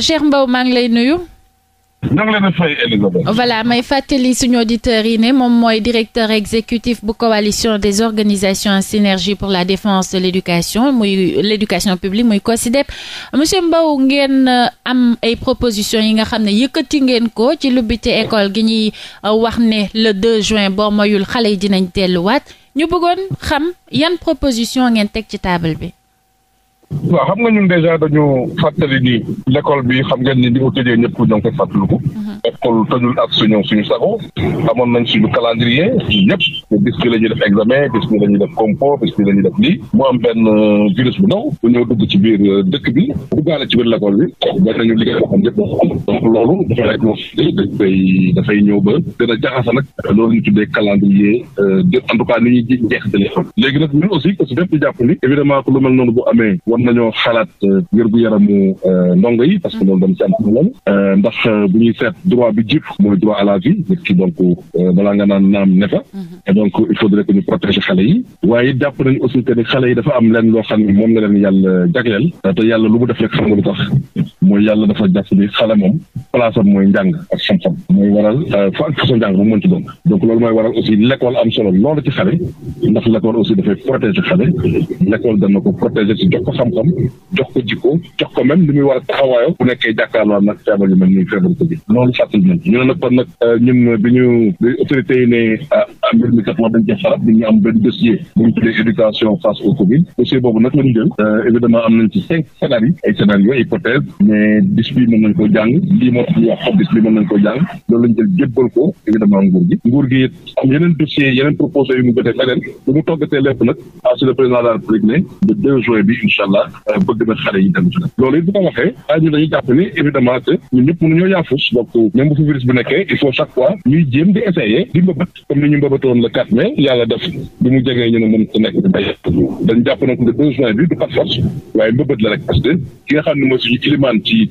Cheikh mbaw maa ngi lay nuyu. voilà may fàttali suñu auditeurs yi ne moom mooy directeur exécutif bu coalition des organisations en synergie pour la défense de l'éducation muy l'éducation publique muy COSYDEP monsieur mbaw ngeen euh, am ay propositions yi nga xam ne yëkkati ngeen ko ci lubbite école gi ñuy euh, wax ne le 2 juin boo mayul xale yi dinañ delluwaat ñu bëggoon xam yan proposition ngeen teg ci taabal bi waaw xam nga ñun dèjà dañu fàttali nii l'école bi xam nga ni di ko tëjee ñëpp ñoo ngi koy fàttaliku. Mhm. école tëjul ak suñu suñu sago amoon nañ suñu calendrier ñëpp bis bi la ñuy def examen bis bi la ñuy def compo bis bi la ñuy def lii mu am benn euh, virus bu ndaw bu ñëw dugg ci biir euh, dëkk bi duggaale ci biir l'école bi bañ nañu liggéey boo xam ñëpp donc loolu dafay dafay dafay ñëw ba dina jaxasa nag loolu ñu tuddee calendrier euh, de en tout cas ni ñuy jeex téléphone léegi nag ñun aussi parce que jàpp ni lu mel noonu bu amee war nañoo xalaat euh, wér-gu-yaramu euh, ndongo yi parce que loolu dañ ci am problème euh, ndax bu ñuy seet droit ne mm-hmm. ni xale yi dafa am leen loo xam moom la leen yàlla jagleel te yàlla lu mu def rek xam nga lu tax mooy yàlla dafa jàpp xale moom place mooy njàng ak xam-xam mooy waral fa ak façon njàng bu mu mënti doon donc loolu mooy waral aussi l'école am solo loolu ci xale ndax l'école aussi dafay protéger xale l'école dana ko protéger ci jox ko xam-xam jox ko jikko jox ko même li muy a taxawaayoo bu nekkee jàkkaarloo nag feebar yu mel ni feebar ko jël euh, évidemment am nañ ci cinq scénario ay scénario hypothèse mais bis bii nañ ko jàng loolu lañ jël ko évidemment nguur gi nguur gi am yeneen dossier yeneen proposé yu mu jotee feneen bu mu toggatee lépp nag ah si le président de la bi incha allah allah bëgg na xale yi bu ko waxee waaye ñun dañuy jàpp ni évidemment que ñun ñëpp mënuñoo yaafus donc même bu fi virus bi nekkee il faut chaque fois ñuy jéem di essayer di mbëbët comme ni ñu mbëbëtoon le 4 mai yàlla def bi mu jegee ñu ne mën ko nekk di béy dañ jàpp mooy suñu climat ci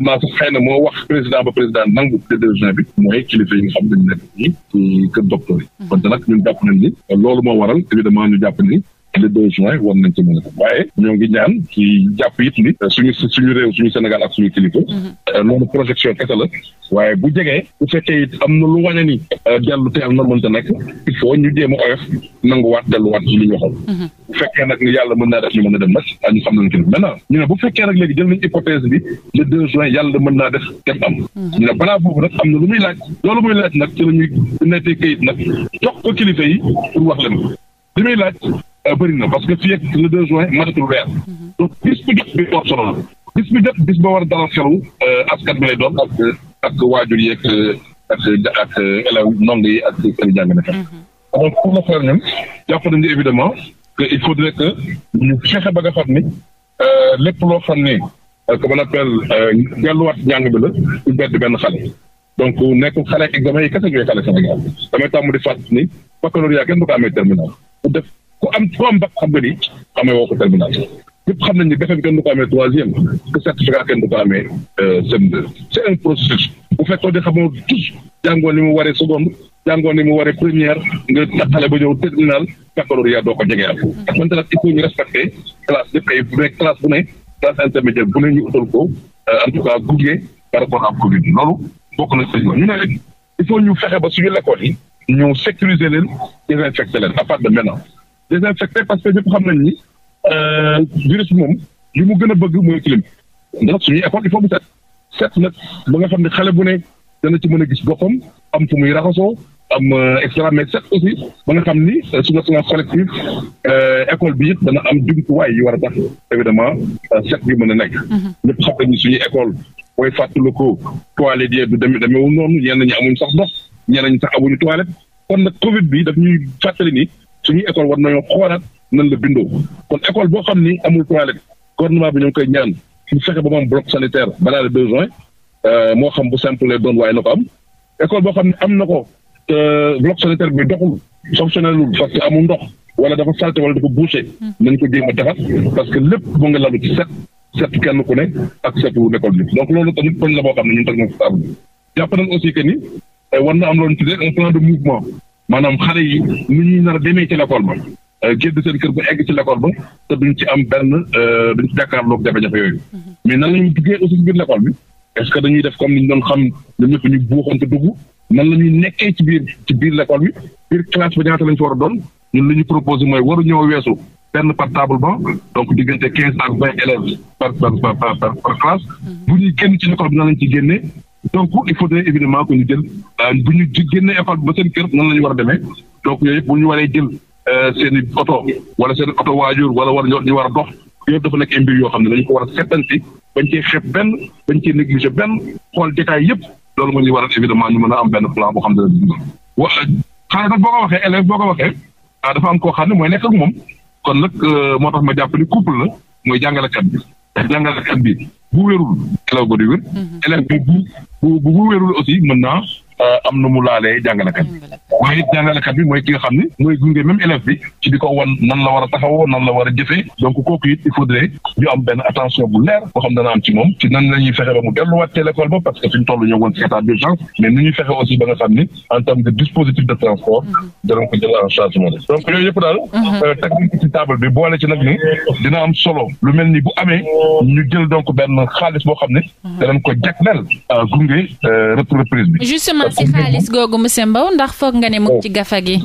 naa sax xëy na moo wax président ba président nangu de décision bi mooy kilifa yi nga xam dañu nekk ci kër docteur yi. kon mm-hmm. nag ñun jàpp nañ ni loolu moo waral évidemment ñu jàpp ni le 2 juin war nañ ci mën a waaye ñoo ngi ñaan ci jàpp it ni suñu suñu réew suñu Sénégal ak suñu kilifa mm-hmm. euh, loolu projection kese la waaye bu jegee bu fekkee am na lu wane ni euh, dellu teel na mënta nekk il ñu jéem a oyof nanguwaat delluwaat ci li ñu waxoon mm-hmm. bu fekkee nag yàlla mën naa def ñu mën a dem nag ak ah, ñu xam nañ ci léegi jël nañ hypothèse bi le 2 juin yàlla mën naa def dem am mm-hmm. ñu ne balaa am na lu muy laaj loolu muy laaj nag ci la ñuy nettee kayit yi pour wax leen li muy laaj Euh, bëri na parce que fii ak le deux juin matatul weer mhm. donc bis bi jot bi ba war a dalal xelu euh, askan bi lay doon ak waajur yi ak ak ak élève ndongo ak kër jàng na kat mhm. donc pour le faire ñun jàpp nañu évidemment que il faudrait que ñu fexe ba nga xam ni euh, lépp loo xam ni comme on appelle delluwaat njàng bi la ñu bedd benn xale donc nekk xale ak examen yi kese xale Sénégal damay tàmm di fàttali ni baccalauréat kenn du ko amee terminal def ku am trois mbaq xam nga ni xamee woo ko terminal ñëpp xam nañ ne BFEM kenn du ko amee troisième que certificat kenn du ko amee CM2 euh, c' est un processus bu fekkoon ne xamoo tous ni mu waree seconde jàngoon ni mu waree première nga taxale ba ñëw terminal baccalauréat doo ko jege am. wante nag il ñu respecté classe de pays bu ne classe intermédiaire bu ne ñu utal ko euh, en tout cas gunge par rapport ak Covid loolu bokk na si ñu ne rek il faut ñu fexe ba suñu lekkool yi ñu sécuriser leen désinfecté leen à part de maintenant. désinfecté parce que ñëpp xam nañ ni euh, virus bi moom li mu gën a bëgg mooy clim ndax suñuy école il faut mu set set nag ba nga xam ne xale bu ne dana ci mën a gis boppam am fu muy raxasoo am euh, et cetera mais set aussi ba nga xam ni euh, surveillance collective école bi yëpp dana am jumtuwaay yi war a tax évidemment set bi mën a nekk. Mhm. ñëpp xam nañ ni suñuy école booy fàttali ko toilette yi du demee demeewul noonu ñenn ñi amuñ sax ndox ñenn ñi sax amuñu toilette kon nag Covid bi daf ñuy fàttali nii suñuy école war nañoo xoolaat nan la bindoo kon école boo xam ni amul toilette gouvernement bi ñoo koy ñaan ñu fexe ba mu am bloc sanitaire euh, moo xam bu simple lay doon waaye na ko am école boo xam ne am na ko te euh, bloc sanitaire bi doxul fonctionnelul parce que amul ndox wala dafa salte wala dafa bouché hmm. nañ ko jéem a defar parce que lépp mu ngi lalu ku ne wu nekkoon bi donc loolu tamit poñ la boo xam ne ñun teg na ko table jàpp nañ aussi que ni euh, war na am loolu tuddee un plan de mouvement maanaam xale yi nu ñuy nar a demee ci l'école ba euh, génn seen kër ba egg ci lekol ba te duñ ci am benn euh, duñ ci jàkkaarloog jafe-jafe yooyu mhm. mais nan la ñuy duggee aussi biir l'école bi est-ce que comme ni ñu doon xam ne ñëpp ñu buuxoon te dugg nan ñuy nekkee ci biir ci biir l'école bi biir classe ba ñaata lañ fa war a doon ñun li ñu proposé mooy waru ñëw weesu benn par table banc donc diggante quinze ak vingt élèves par par par classe mhm. bu ñuy génn ci l'école bi na lañ ci génnee donc il faudrait évidemment que ñu jël euh, bu ñu génnee école ba seen kër nan la ñu war a demee donc yooyu yëpp bu ñu waree jël euh, seen i oto wala seen oto waajur wala war ñu war a dox yooyu dafa nekk ay mbir yoo xam ne dañu ko war a settanti bañ cee xeeb benn bañ cee négligé benn xool détail yëpp loolu moo ñuy waral évidemment ñu mën am benn plan boo xam ne dañu ko boo ko waxee élève boo ko waxee ah dafa am koo xam ne mooy nekk ak moom kon nag euh, moo tax ma jàpp ni couple la mooy jàngalekat bi jàngalekat bi bu wérul élève ba di wér mhm. élève bi bu bu wérul aussi mën naa Euh, am na mu laalee jàngalekat bi waaye it jàngalekat bi mooy ki nga xam ne mooy gunge même élève bi ci di ko wan nan la war a taxawoo nan la war a jëfee donc kooku it il faudrait ñu am benn attention bu leer boo xam dana am ci ci nan la fexe ba mu delluwaat ci l'école ba parce que fi ñu toll ñoo woon ci état d'urgence mais ni ñuy fexe aussi ba nga xam ne en terme de dispositif mhm. donc yooyu yëpp daal mhm. euh, technique ci table bi boole ci nag ni dina am solo lu mel ni bu amee ñu jël donc benn xaalis boo xam ne mhm. danañ ko jagleel euh, gunge reprise bi am si xaalis googu monsieur Mbow ndax foog nga ne mu ci oh. gafa gi.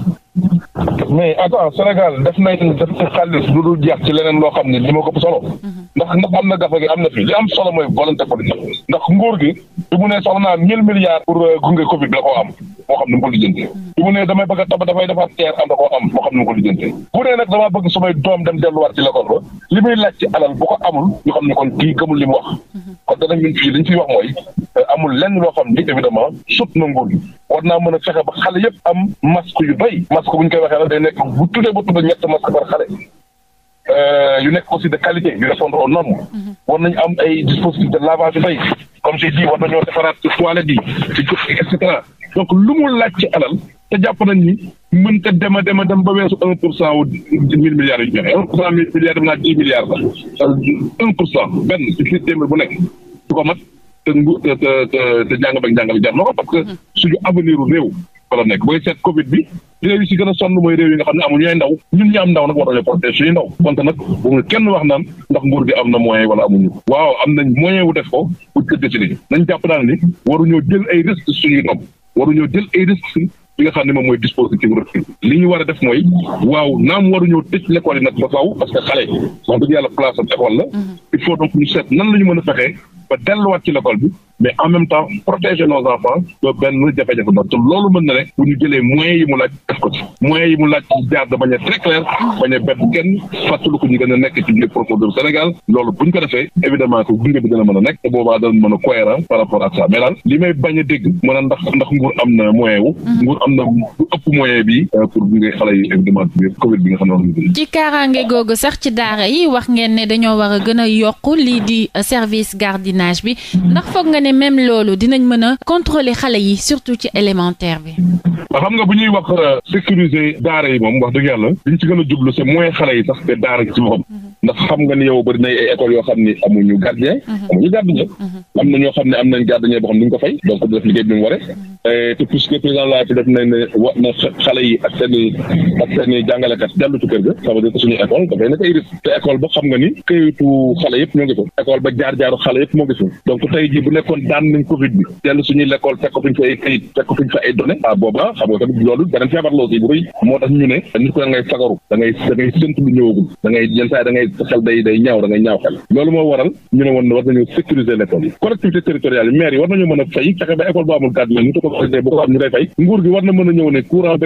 mais attends Sénégal def nañ def nañ xaalis lu dul jeex ci leneen loo xam ne li ma ko solo. Mhm. ndax ndax am na gafa gi am na fi li am solo mooy volonté politique ndax nguur gi du mu ne soxla naa mille milliards pour euh, gunge Covid la ko am. moo xam ne mu ko lijjantee su mu nee damay bëgg a tabax dafay defaat teer am da koo am moo xam nu mu ko lijjantee bu nee nag damaa bëgg sumay doom dem delluwaat ci l'école ba li muy laaj ci alal bu ko amul ñu xam ne kon kii gëmul li mu wax kon dana ñun fii li ñu wax mooy euh, amul lenn loo xam ni évidemment sut na nguur gi war naa mën a fexe ba xale yëpp am masque yu doy masque bu koy waxee la day nekk bu tuddee ba tuddee ñett masque par xale Euh, yu nekk aussi de qualité yu répondre aux normes mhm. war nañu am ay dispositifs de lavage mbay comme j'ai dit war nañoo defaraat ci toilette yi et cetera donc lu mu laaj ci alal te jàpp nañ ni mën te dem a dem a dem ba weesu un pour cent wu mille milliards yu joxe un pour cent mille milliards dem naa euh, bu nekk su ko mat te ngu te te te njàng beeg njàng bi jar na ko parce que mhm. suñu avenir réew fa la nekk booy seet Covid bi réew yi si gën a sonn mooy réew yi nga xam ne amul ñooy ndaw ñun ñu am ndaw nag war nañu protéger suñuy ndaw wante nag bu mu kenn wax am na moyen wala amuñu ko waaw am nañ moyen wu def ko nañ jàpp daal ni waruñoo jël ay risques suñuy doom waruñoo jël ay risques li nga xam ne moom mooy dispositif li ñu war a def mooy waaw naam waruñoo tëj l'école yi nag ba faaw parce que xale wax dëgg yàlla place am école la mm-hmm. il faut donc ñu seet nan la mën a fexee ba delluwaat ci l'école bi mais en même temps protéger nos enfants ba loolu mën na ne bu ñu jëlee moyens yi mu laaj def ko ci moyens yi mu laaj jaar de manière très claire bañ a bett kenn fàttali ko ñu gën a nekk ci biir promoteur Sénégal loolu bu ñu ko defee évidemment que gunge bi dina mën a nekk te boobaa dana mën a cohérent par rapport ak ça daal li may bañ a dégg mën a ndax ndax nguur am na moyen wu mm-hmm. nguur am na lu ëpp moyen bi euh, pour gunge nga xam yi wax a a parrainage bi ndax foog nga ne même loolu dinañ mën a contrôler xale yi surtout ci élémentaire bi waaw xam nga bu ñuy wax euh, sécuriser daara yi moom wax dëgg yàlla li ñu ci gën a jublu c'est mooy xale yi sax te daara ci boppam ndax xam nga ni yow bëri na ay yoo xam ni amuñu gardien mhm. amuñu mhm. am na ñoo xam ne am nañ gardien boo xam ne duñ ko fay donc du def liggéey bi mu waree mhm. te puisque président la fi def nañ ne na suñu école ba ni yëpp ñoo ngi fa école ba jaar-jaaru xale yëpp moo ngi fa donc tey ji bu nekkoon daan nañ covid bi dellu suñuy lekkool fekk ko fi ñu fa ay këyit fekk ko loolu bu rëy moo tax ñu ne nit ko da ngay fagaru da ngay da ngay séntu lu ñëwagul da rek xel day day ñaaw da ñaaw xel loolu moo waral ñu ne woon war nañu sécuriser l'école yi collectivité territoriale yi maire yi war nañu mën a fay fexe ba école bu amul cadre ñu ko a ñëw ne courant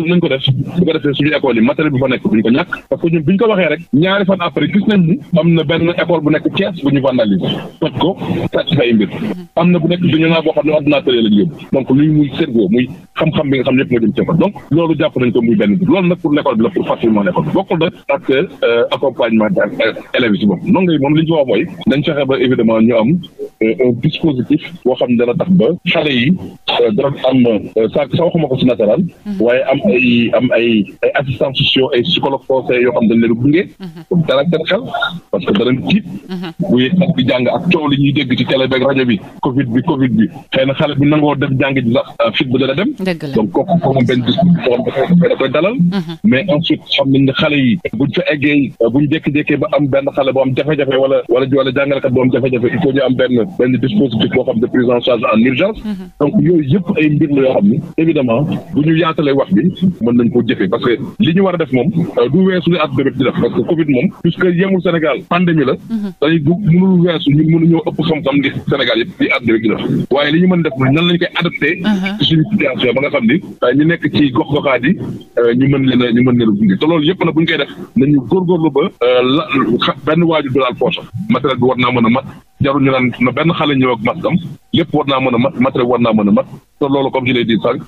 mhm. def suñu école yi matériel bi fa nekk duñ ko ñàkk parce que ñun ko waxee rek ñaari fan après gis nañ ni am na benn école bu nekk Thiès bu ñu vandalise toj ko sàcc fay mbir mhm. am na bu nekk duñu naa boo xam ne ordinateur yi lañu yóbbu donc luy muy serveur muy xam-xam bi nga xam ne yëpp nga jëm ca fa loolu jàpp nañ ko muy benn bi loolu nag pour l'école bi la pour facilement l'école bi yi si bopp ndongo yi mooy dañ fexe ba évidemment ñu am euh, un dispositif boo xam ne dana tax ba xale yi euh, dana am sa euh, sa waxuma ko si nasaraan mhm. waaye am ay am ay ay assistants sociaux ay psychologues conseillers yoo xam dañ leen gunge comme mhm. dara seen xel parce que danañ tiit mhm. bu ak bi jàng ak coow li ñuy dégg ci télé beeg rajo bi covid bi covid bi xëy na xale bi nangoo def jàng ji sax fit ba dana dem dëgg la donc kooku ko moom benn discours boo xam ne da koy dalal. Mhm. mais ensuite xam nañ ne xale yi buñ fa eggee buñ jékki mhm. yëpp ay mbir la xam ni évidemment bu ñu yaatalee wax bi mën nañ koo jëfee parce que li ñu war a def moom euh, du weesu li at mhm. ëpp xam-xam li Sénégal yëpp di at bi di def waaye li ñu mën def mooy nan lañ koy adapté ci suñu situation ba nga xam ni ñu nekk ci gox goxaat yi euh, ñu mën leen a ñu a te loolu yëpp na bu ñu koy def nañu góorgóorlu ba euh, la benn waajur du laal poosam matériel bi war naa mën a mat jarul ñu na benn xale ñëw ak maskam lépp war naa mën a mat matériel war naa mën a mat te loolu comme je l'ai dit sànq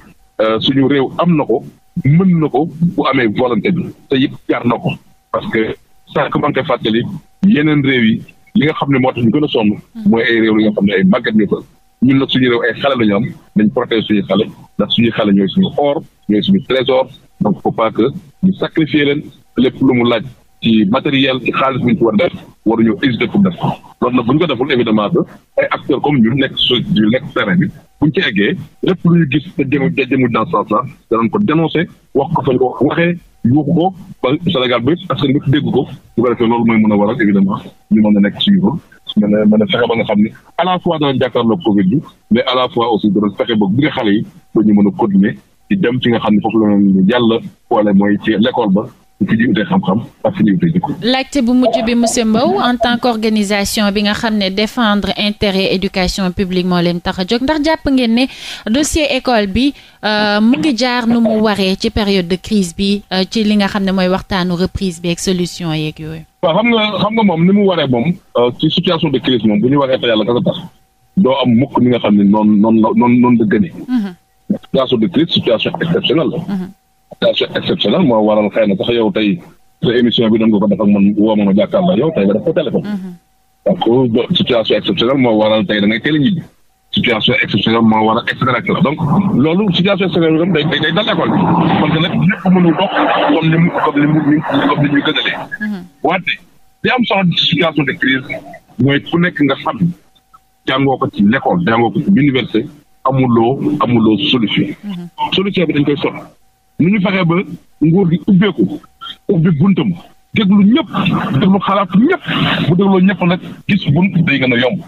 euh, réew am na ko mën na ko bu amee volonté bi te yëpp jaar na ko parce que sànq maa ngi yeneen réew yi li nga xam ne moo tax ñu gën a sonn mm-hmm. mooy ay réew li nga xam ne ay màggat ñu fa ñun nag suñu réew ay xale la ñu am nañ protéger suñu xale ndax suñu xale ñooy suñu or ñooy suñu trésor donc faut pas que ñu sacrifier leen lépp lu mu laaj ci matériel ci xaalis bu ñu war def waruñoo hésiter pour def loolu nag bu ñu ko deful évidemment que ay acteurs comme ñun nekk su ñu nekk terrain bi bu ñu ci eggee lépp lu ñu gis te jëm te jëmul dans ce sens là danañ ko dénoncer wax ko fa ñu ko waxee yuuxu ko ba Sénégal bi parce que dégg ko bu ko defee loolu mooy mën a waral évidemment ñu mën a nekk suñu mën a mën a fexe ba nga xam ne à la fois danañ jàkkaarloog Covid bi mais à la fois aussi danañ fexe ba bi nga xale yi ba ñu mën a continuer ci dem ci nga xam ne foofu la ñu yàlla wala mooy ci l'école ba fi ñuy utee xam-xam ak fi ñuy utee jikko laajte bu mujj bi monsieur Mbow en tant qu'organisation bi nga xam ne défendre intérêt éducation publique moo leen tax a jóg ndax jàpp ngeen ne dossier école bi euh, mu ngi jaar nu mu waree ci période de crise bi euh, ci li nga xam ne mooy waxtaanu reprise bi ak solution yeeg yooyu. waaw xam nga xam nga moom ni mu waree moom euh, ci situation de crise moom bu ñu waree fa yàlla nga tax doo am mukk ni nga xam ne noonu noonu la noonu la gënee. Mhm. situation de crise situation exceptionnelle situation exceptionnelle moo waral xëy na sax yow tey sa émission bi na nga ko def ak man woo ma ma jàkkaarloo yow tey nga def ko téléphone. Mm-hmm. situation exceptionnelle moo waral tey da ngay teel a ñibbi situation exceptionnelle moo waral et cetera donc loolu situation exceptionnelle bi day day dal école bi parce que nag lépp mënu dox mu mm-hmm. ku nekk nga xam jàngoo ko ci l'école jàngoo ko ci université amuloo amuloo solution. Mm-hmm. solution bi dañ koy sotti. nu ñu fexe ba nguur gi ubbeeku ubbi buntam déglu ñëpp déglu xalaat ñëpp bu dégloo ñëpp nag gis bunt day gën a yomb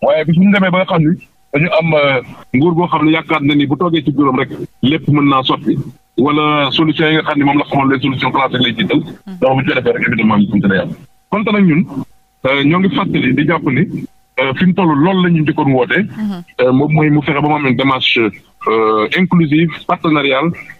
waaye bis bu ñu demee ba nga xam ni dañu am euh, nguur goo xam ne yaakaar na ni bu toogee ci juróom rek lépp mën naa sotti wala solution yi nga xam ne moom la xamal leen solution classique lay jiital hmm. donc bu ñu ko defee rek évidemment ñu suñu yàlla kon nag ñun euh, ñoo ngi fàttali di jàpp ni euh, fi mu toll loolu la ñu njëkkoon woote hmm. moom mooy mu fexe ba mu am une démarche inclusive partenariale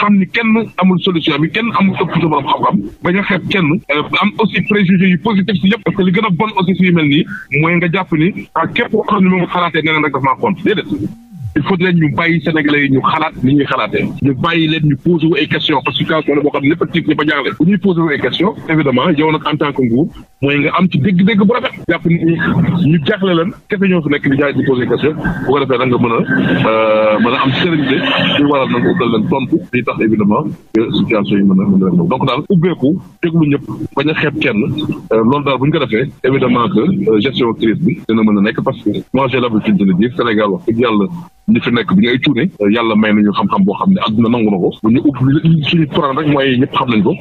xam ni kenn amul solution bi kenn amul ëpp sa borom xam-xam bañ a xeeb kenn euh, am aussi préjugé yu positif si yëpp li gën a bon aussi si mel nii mooy nga jàpp ni ah képp koo xam ne moom xalaatee neneen rek daf maa compte il faut leen ñu bàyyi sénégalais ñu xalaat ni ñuy xalaatee ñu bàyyi leen ñu posé wu e question parce que situation la boo xam ne lépp a tiit ñëpp wu ay question évidemment yow nag en tant nguur mooy nga am ci dégg-dégg bu rafet jàpp ni ñu jaaxle lan kese ñoo fi nekk di jaay di posé question bu ko defee da nga mën a euh, mën am sérénité ci waral nag utal leen tontu di tax évidemment que situation yi mën a mën donc daal ubbeeku teglu ñëpp bañ a xeeb kenn euh, loolu daal bu ñu ko defee évidemment que euh, gestion crise bi dina mën a nekk parce que moi j'ai l'habitude de le dire Sénégal wax dëgg yàlla ñi fi nekk bi ngay cuune yàlla may nañu xam-xam boo xam ne àdduna nangu na ko bu ñu ubbi suñu courant rek mooy ñëpp xam nañ ko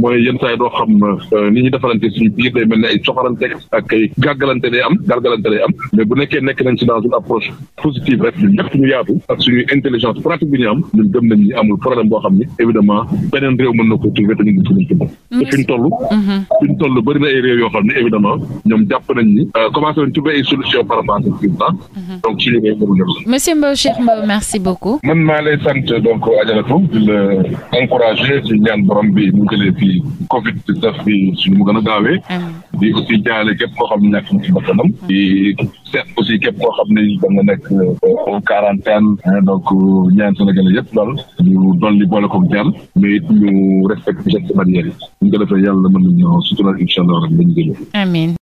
mooy yenn saa doo xam euh, ni ñuy defarante suñu biir day mel ne ay soxarante ak ay gàggalante day am gàggalante day am mais bu nekkee nekk nañ si dans une approche positive rek ñun bi ñu am ñun gëm nañ ñu amul boo xam ni évidemment beneen réew mën na ko trouver te ñu ngi mm-hmm. fi ñu toll mm-hmm. fi ñu toll bëri ay réew yoo xam ne évidemment ñoom jàpp nañ ni euh, commencé nañ trouver ay solution par rapport à ce président mm-hmm. donc suñu réew mënu nekk monsieur Mbow Cheikh Mbow merci beaucoup bi ci Covid dix-neuf bi ci mu gën a gaawee. di aussi jaale képp koo xam ne ñàkk na ci bakkanam. di seet aussi képp koo xam ne da nga nekk au euh, quarantaine. Euh, donc euh, ñaan Sénégalais yëpp daal ñu dolli boole koog jàmm mais it ñu respecté gestes barrières yi. bu ñu ko defee yàlla